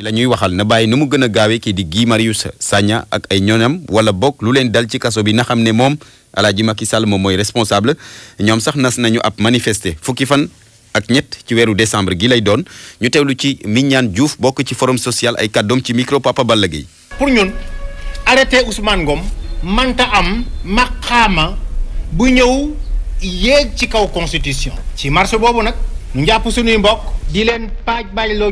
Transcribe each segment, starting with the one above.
mi la ñuy waxal na bàyyi nu mu gën a gaawee kii di Guy Marius Sagna ak ay ñoñam wala bokk lu leen dal ci kaso bi na xam ne moom Alaaji Macky Sall moom mooy responsable ñoom sax nas nañu ab manifester fukki fan ak ñett ci weeru décembre gi lay doon ñu teewlu ci Mignane juuf bokk ci forum social ay kàddoom ci micro Papa Balla Gueye pour ñun arrêté Ousmane Ngom manta am maqaama bu ñëw yéeg ci kaw constitution ci marché boobu nag ñu jàpp suñuy mbokk di leen paaj baajloo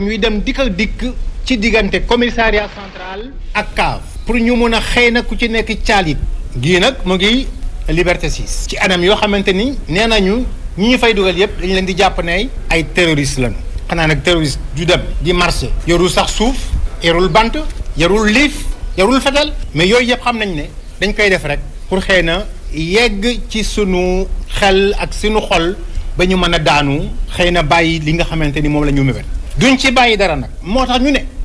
ci diggante commissariat central ak cave pour ñu mun a xëy na ku ci nekk caalit gii nag mu ngi liberté 6 ci anam yoo xamante ni nee nañu ñi ñu fay dugal yëpp dañu leen di jàpp ne ay terroriste lañu xanaa nag terroriste ju dem di marché yorul sax suuf yorul bant yorul liif yorul fetal mais yooyu yëpp xam nañ ne dañ koy def rek pour xëy na yegg ci sunu xel ak sunu xol ba ñu mën a daanu xëy na bàyyi li nga xamante ni moom la ñu mébét duñ ci bàyyi dara nag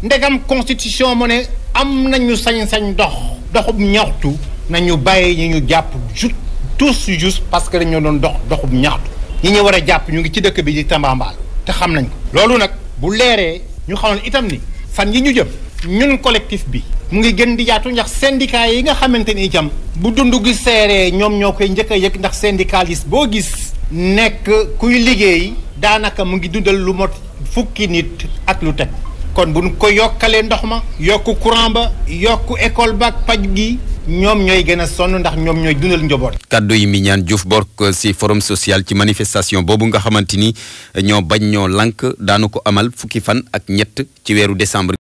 ndegam constitution mu ne am nañu sañ-sañ dox doxub ñaxtu nañu bàyyi ñi ñu jàpp juste tous juste parce que dañoo doon dox doxub ñaxtu ñi ñu war a jàpp ñu ngi ci dëkk bi di tambaambaal te xam nañ loolu nag bu leeree ñu xamoon itam ni fan yi ñu jëm ñun collectif bi mu ngi gën di yaatu njax syndicat yi nga xamante ni itam bu dund gi seeree ñoom ñoo koy njëkk a yëg ndax syndicaliste boo gis nekk kuy liggéey daanaka mu ngi dundal lu mot fukki nit ak lu teg kon bu ñu ko yokkalee ndox ma yokk courant ba yokk école ba ak paj gi ñoom ñooy gën a sonn ndax ñoom ñooy dundal njaboot. kàddu yi Mignane Diouf bokk si forum social ci manifestation boobu nga xamante ni ñoo bañ ñoo lank daanu ko amal fukki fan ak ñett ci weeru décembre.